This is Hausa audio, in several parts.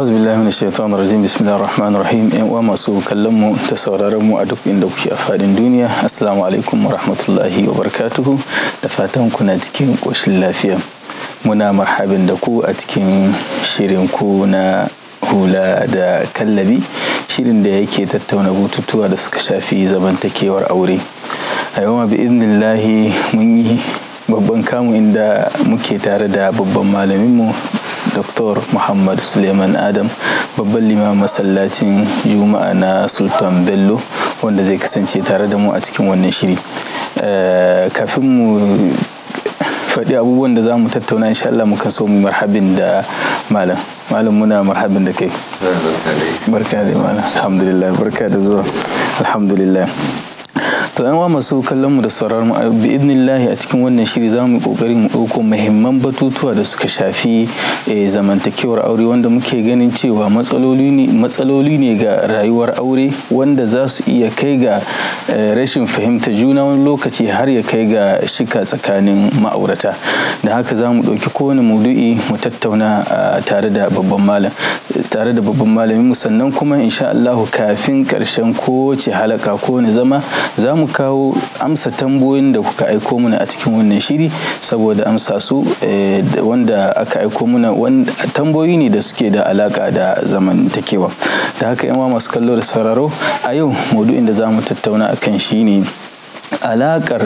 a'udhu billahi minash shaitani rajim bismillahir rahmanir rahim yan uwa masu kallon mu da sauraron mu a duk inda kuke a fadin duniya assalamu alaikum wa rahmatullahi wa barakatuhu da fatan ku na cikin koshin lafiya muna marhabin da ku a cikin shirin ku na hula da kallabi shirin da yake tattauna bututuwa da suka shafi zamantakewar aure a yau ma bi idnillahi mun yi babban kamu inda muke tare da babban malamin mu. Dr. Muhammad Suleiman Adam babban limamin masallacin Juma'a na Sultan Bello wanda zai kasance tare da mu a cikin wannan shiri. Eh, kafin mu faɗi abubuwan da za mu tattauna insha Allah muka so mu marhabin da malam. malam muna marhabin da kai. Barka da malam. Alhamdulillah barka da zuwa. Alhamdulillah. to yan masu kallon mu da sauraron mu bi idnillahi a cikin wannan shiri za mu yi mu ɗauko muhimman batutuwa da suka shafi eh, zamantakewar aure wanda muke ganin cewa matsaloli ne matsaloli ne ga rayuwar aure wanda za su iya kai ga eh, rashin fahimta juna wani lokaci har ya kai ga shika tsakanin ma'aurata da haka za mu ɗauki kowane maudu'i mu tattauna tare da babban malam tare da babban malamin mu sannan kuma insha Allahu kafin karshen kowace halaka kowane zama za mu kawo amsa tambayoyin da kuka aiko mana a cikin wannan shiri saboda amsa su eh, wanda aka aiko mana tambayoyi ne da suke da alaka da zamantakewa da haka yan masu kallo da sauraro a yau maudu'in da za mu tattauna a kan shi ne alakar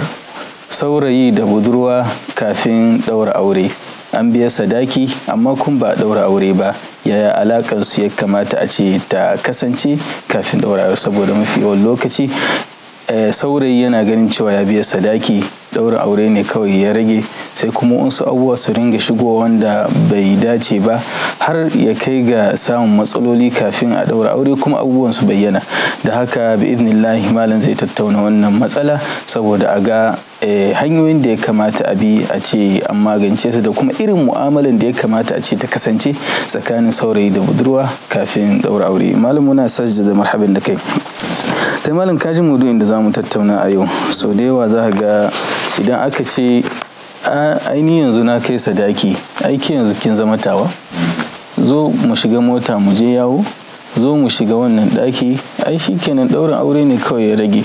saurayi da budurwa kafin ɗaura aure an biya sadaki amma kun ba ɗaura aure ba yaya alakar su ya kamata a ce ta kasance kafin ɗaura aure saboda mafi yawan lokaci Eh, saurayi yana ganin cewa ya biya sadaki ɗaura aure ne kawai ya rage sai kuma wasu abubuwa su ringa shigo wanda bai dace ba har ya kai ga samun matsaloli kafin a ɗaura aure kuma abubuwan su bayyana da haka bi malam zai tattauna wannan matsala saboda a ga Eh, hanyoyin da ya kamata a bi a ce an magance su da kuma irin mu'amalan da ya kamata a ce ta kasance tsakanin saurayi da budurwa kafin daura aure malam muna sajda da marhabin da kai ta malam kaji inda da zamu tattauna a yau so da yawa za ga idan aka ce aini yanzu na kai sadaki aiki yanzu kin zama tawa zo mu shiga mota mu je yawo zo mu shiga wannan daki ai shikenan daurin aure ne kawai ya rage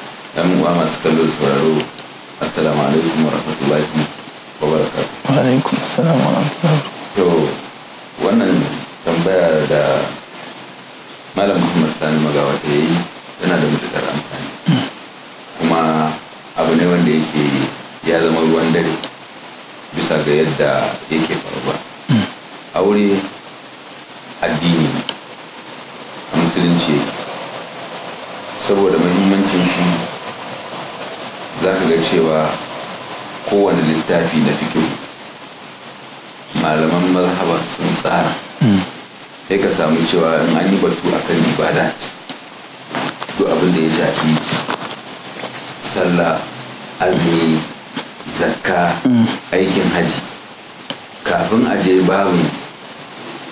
yan uwa masu kallo sauraro assalamu alaikum wa rahmatullahi wa barakatuhu wa alaikum assalam to wannan tambaya da malam muhammad sani magawa ta yi tana da matuƙar amfani kuma abu ne wanda yake ya zama ruwan dare bisa ga yadda yake faruwa aure addini a musulunci saboda muhimmancin shi za ka ga cewa kowane littafi na fikin malaman mazhaba sun tsara hmm. sai ka samu cewa in an yi batu akan ibada duk abin da ya shafi sallah azumi zakka hmm. aikin hajji kafin a je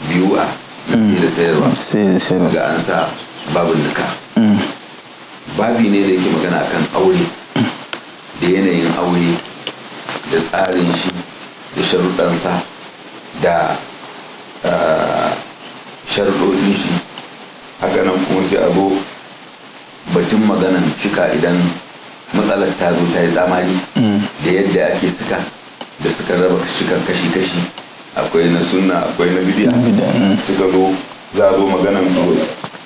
biyu a hmm. sai da sayarwa ga an sa babu nika babi ne da yake magana akan aure da yanayin aure da tsarin shi da sharuɗansa da ah, sharuɗoɗin shi hakanan kuma sai a batun maganan shika idan matsalar ta zo ta yi tsamani mm. da yadda ake suka da suka raba shikan kashi-kashi akwai na sunna akwai na bidiya mm. suka zo za a zo maganan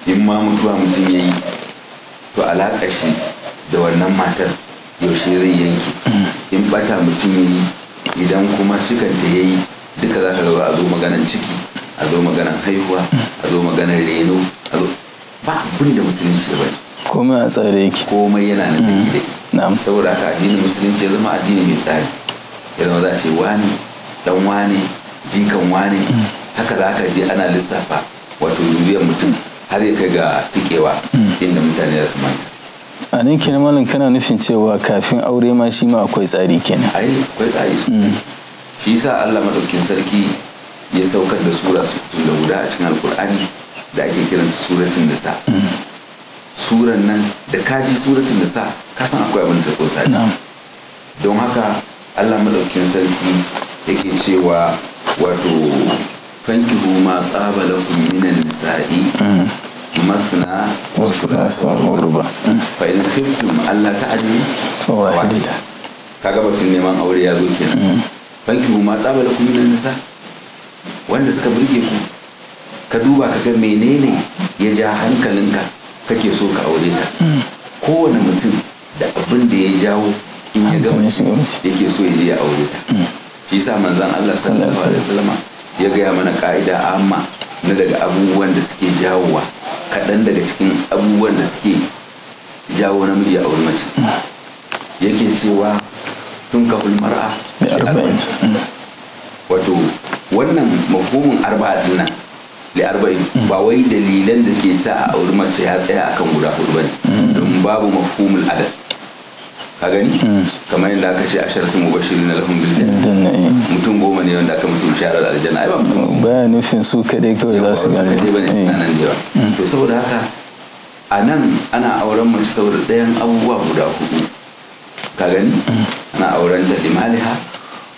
in ma mutuwa mutum ya yi to alaƙa shi da wannan matar yaushe zai yanki in bata mutum ya yi idan kuma sukan ya yi duka za ka zo a zo maganan ciki a zo maganan haihuwa a zo maganan reno a zo ba abin da musulunci ba komai a tsare yake komai yana nan da gida mm. na'am saboda haka addinin musulunci ya zama addini mai tsari ya zama za a ce wani dan wani jikan wani mm. haka za ka je ana lissafa wato zuriyar mutum har ya kai ga tikewa mm. inda mutane za su manta a nan kenan malam kana nufin cewa kafin aure ma shi ma akwai tsari kenan ai akwai tsari sosai mm. shi yasa Allah madaukin sarki ya saukar da sura su da guda a cikin alkur'ani da ake kiranta suratun nisa mm. suran nan da kaji suratun nisa ka san akwai abin da ko sati don haka Allah madaukin sarki yake cewa wato fankihu ma qabalakum minan nisa'i mm. wasu da مثنى وثلاث ورباع فإن خفتم ألا ta. ka kaga batun neman aure ya zo kenan banki mm. ma tsaba da kuma nan nisa wanda suka burge ku ka duba ka ga menene ya ja hankalinka kake so ka aure ka mm. kowane mutum da abin da ya jawo in ya gama yake so ya je ya aure ta mm. shi yasa manzon Allah sallallahu alaihi wa sallama ya gaya mana ka'ida amma na daga abubuwan da suke jawo wa. kaɗan daga cikin abubuwan da suke jawo namiji a wurin mace yake cewa tun ka mar'a mm. wato wannan makomin arba'in nan da arba'in ba wai dalilan da ke sa a auri mace ya tsaya akan guda hudu bane mm. don babu mafhumul adad a gani hmm. kamar yadda aka ce asharatu mubashirin na lahum bil eh. mutum goma ne wanda aka musu bisharar aljanna ai ba baya nufin su kaɗai kawai za su gane ba ne suna eh. nan da yawa hmm. to saboda haka a nan ana auren mace saboda ɗayan abubuwa guda hudu ka gani hmm. ana auren da limaliha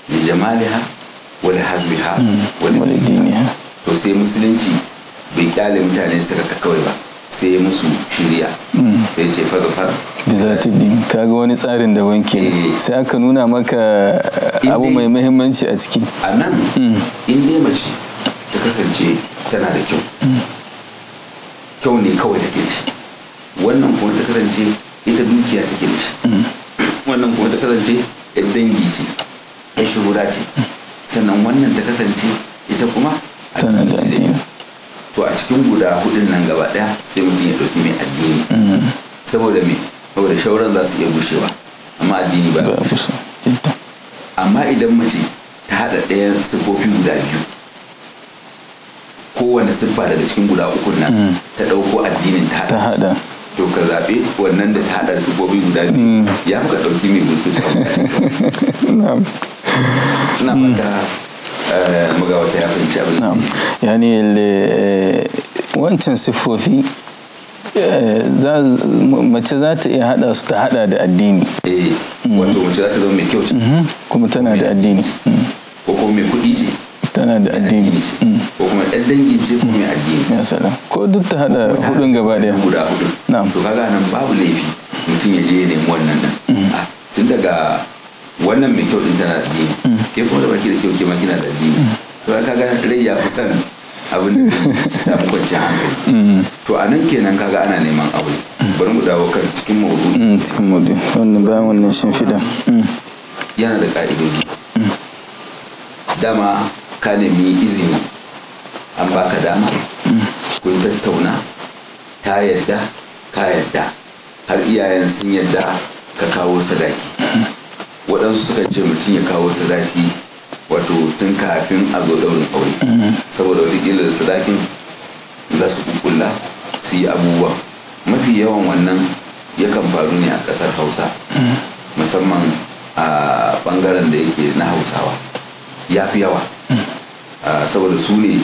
da jamaliha wani hasbiha. wani diniya to sai musulunci bai kyale mutane suka kawai ba sai musu shiriya sai ce fara da za ta bi kaga wani tsarin da wanke eh. sai aka nuna maka abu mai muhimmanci a ciki a nan mm. in dai mace ta kasance tana da kyau mm. kyau ne kawai take da shi wannan kuma ta kasance ita dukiya take da shi mm. wannan kuma ta kasance yan dangi ce ya shuhura ce sannan wannan ta kasance ita kuma tana da cikin guda hudun nan gaba daya sai mutum ya dauki mai addini saboda me saboda shauran za su iya gushewa amma addini ba amma idan mace ta hada ɗayan siffofi guda biyu kowane siffa daga cikin guda uku nan mm. ta dauko addinin ta hada to ka zaɓe wannan da ta hada siffofi guda biyu mm. ya fi ka dauki mai gusu na fata mm. Eh, magawata ya fahimci abin yani eh, wancan siffofi eh, mace za ta iya hada su ta hada da addini wato mace za ta zama mai kyau ce mhm. kuma tana da addini mm. ko kuma mai kudi ce tana da addini mm. ko kuma ɗan dangin ce ko mai addini ya salam ko duk ta hada hudun gaba daya guda hudu na'am to kaga nan babu laifi mutum ya je ya nemi wannan nan mm. ah, tun daga wannan mai kyau din tana addini mm. ke kuma da baki da kyau ke makina kina da addini mm. to ka ga rai ya fi san abin da samu kwanci hankali mm. to a nan kenan kaga ana neman aure bari mu dawo kan cikin mawudu cikin mawudu wannan bayan wannan shimfiɗa yana da ƙa'idodi dama ka nemi izini an baka dama kun tattauna ta yadda ka yadda har iyayen sun yadda ka kawo sadaki waɗansu suka ce mutum ya kawo sadaki wato tun kafin a zo ɗaurin aure saboda ƙila da sadakin za su kukula su yi abubuwa mafi yawan wannan yakan faru ne a ƙasar hausa musamman a ɓangaren da yake na hausawa ya fi yawa saboda su ne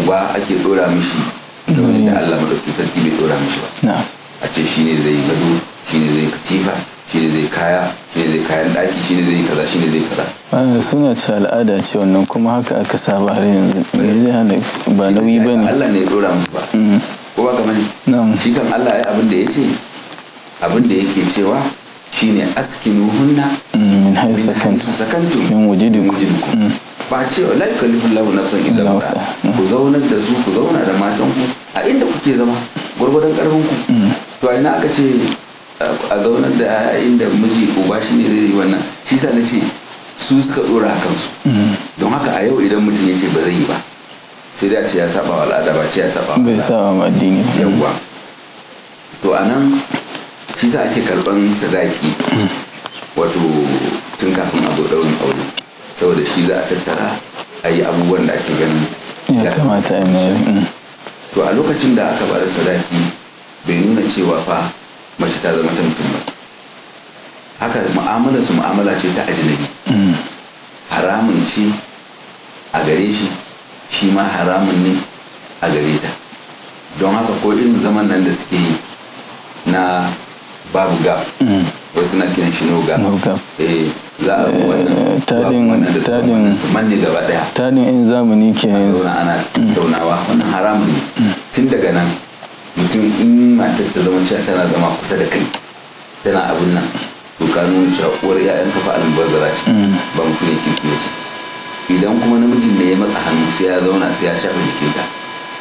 uba ake ɗora mishi da wani da allah sarki bai ɗora mishi ba a ce shi ne zai gado shi ne zai katifa shine zai kaya shine zai kayan daki shine zai kaza shine zai kaza wannan ah, suna ci al'ada ce wannan kuma haka aka saba har yanzu eh. me zai hana ba nauyi bane Allah ne ya dora musu ba mm-hmm. ko ba kamar na'am shi kan Allah ya abin da ya ce. abin da yake cewa shine hunna mm, min haythu sakantum min wujudikum mm. ba cewa la yukallifu na nafsan illa wasa mm. ku zaunar da su ku zauna da matan ku a inda kuke zama gwargwadon karfin ku to ina aka ce a zaunar da inda miji uba shi ne zai yi wannan shi sa na ce su suka dora a kansu don haka a yau idan mutum ya ce ba zai yi ba sai da ce ya saba wa al'ada ba ce ya saba bai saba ma addini yawwa to a nan shi sa ake karban sadaki wato tun kafin a zo daurin aure saboda shi za a tattara a yi abubuwan da ake ganin ya kamata a yi to a lokacin da aka bari sadaki bai nuna cewa fa shi ta zama ta mutum ba haka mu'amalar su mu'amala ce ta ajinabi haramun ce a gare shi shi ma haramun ne a gare ta don haka ko irin zaman nan da suke yi na babu gab mm. wai suna kiran shi no gab eh za a wannan eh, tadin manne gaba daya tadin in zamani ke yanzu ana mm. tattaunawa wannan haramun ne mm. tun daga nan mutum in matar ta zama cewa tana zama kusa da kai tana abin nan to ka nuna cewa uwar yayan kafa almubazara ce mm. ba mutum ya kirki ce idan kuma namijin ne ya matsa hannu sai ya zauna sai ya shafa jikinta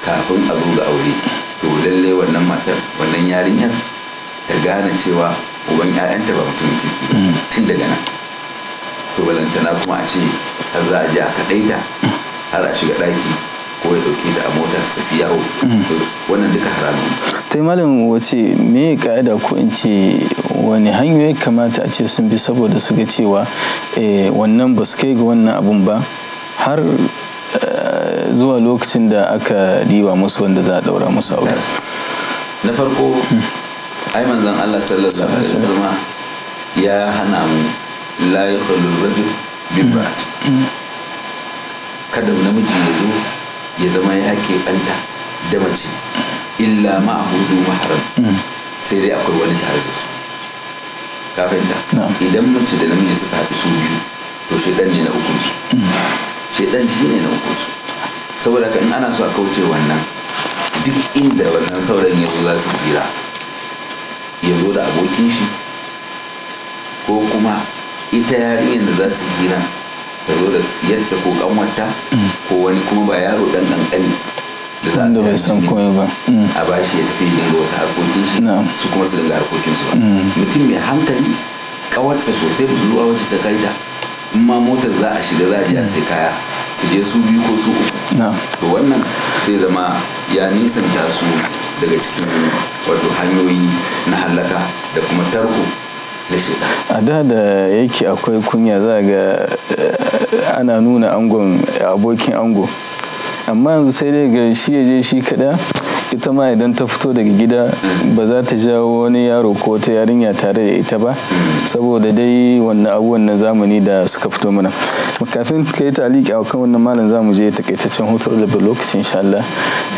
kafin a zo ga aure to lallai wannan matar wannan yarinyar ta gane cewa uban 'ya'yanta ba mutum kirki mm. tun daga nan to balantana kuma a ce har za a ji a kaɗaita mm. har a shiga ɗaki ko ya dauke da a mota su tafi yawo mm. wannan duka haramun tai malam wace me ya ka'ida ko in ce wani hanyoyi kamata a ce sun bi saboda su ga cewa eh, wannan ba su kai ga wannan abun ba har eh, zuwa lokacin da aka riwa musu wanda za a daura musu aure na farko hmm. ai manzon Allah sallallahu alaihi wasallam ya hana mu la yakhlu rajul bi hmm. Hmm. kada namiji ya zo ya zama ya keɓanta da mace illa hudu maharam hmm. sai dai akwai wani tare da su kafinta idan mace da namiji suka haɗu su biyu to shaidan ne na ukun su hmm. shaidan shi ne na ukun su saboda ka in ana so a kauce wannan duk inda wannan sauran ya zo za su gira ya zo da abokin shi ko kuma ita yarinyar da za su gira ta zo da yadda ko kanwata ko wani kuma ba yaro dan ɗanɗani da za a san koyo ba mm. a bashi ya tafi dinga wasu harkokin shi su kuma su daga harkokin su ba mm. mutum mai hankali kawarta sosai budurwa wacce ta kaita in ma motar za a shiga za a je a mm. sai kaya su je su biyu ko su uku to wannan sai zama ya nisanta su daga cikin wato hanyoyi na hallaka da kuma tarko a da da yake akwai kunya za ga eh, ana nuna angon abokin ango amma yanzu sai dai ga shi ya je shi kada ita ma idan ta fito daga gida ba za ta jawo wani yaro ko ta yarinya tare da ita ba saboda dai wannan abubuwan na zamani da suka fito mana kafin ka yi taliki a kan wannan malam za mu je takaitaccen hutu da lokacin insha Allah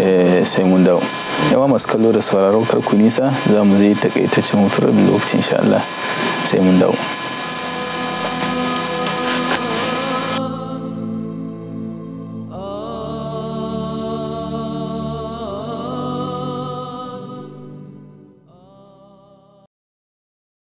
eh, sai mun dawo yawa masu kallo da sauraro karku nisa za mu zai takaitaccen hutu rabin lokacin sha'ala Allah sai mun dawo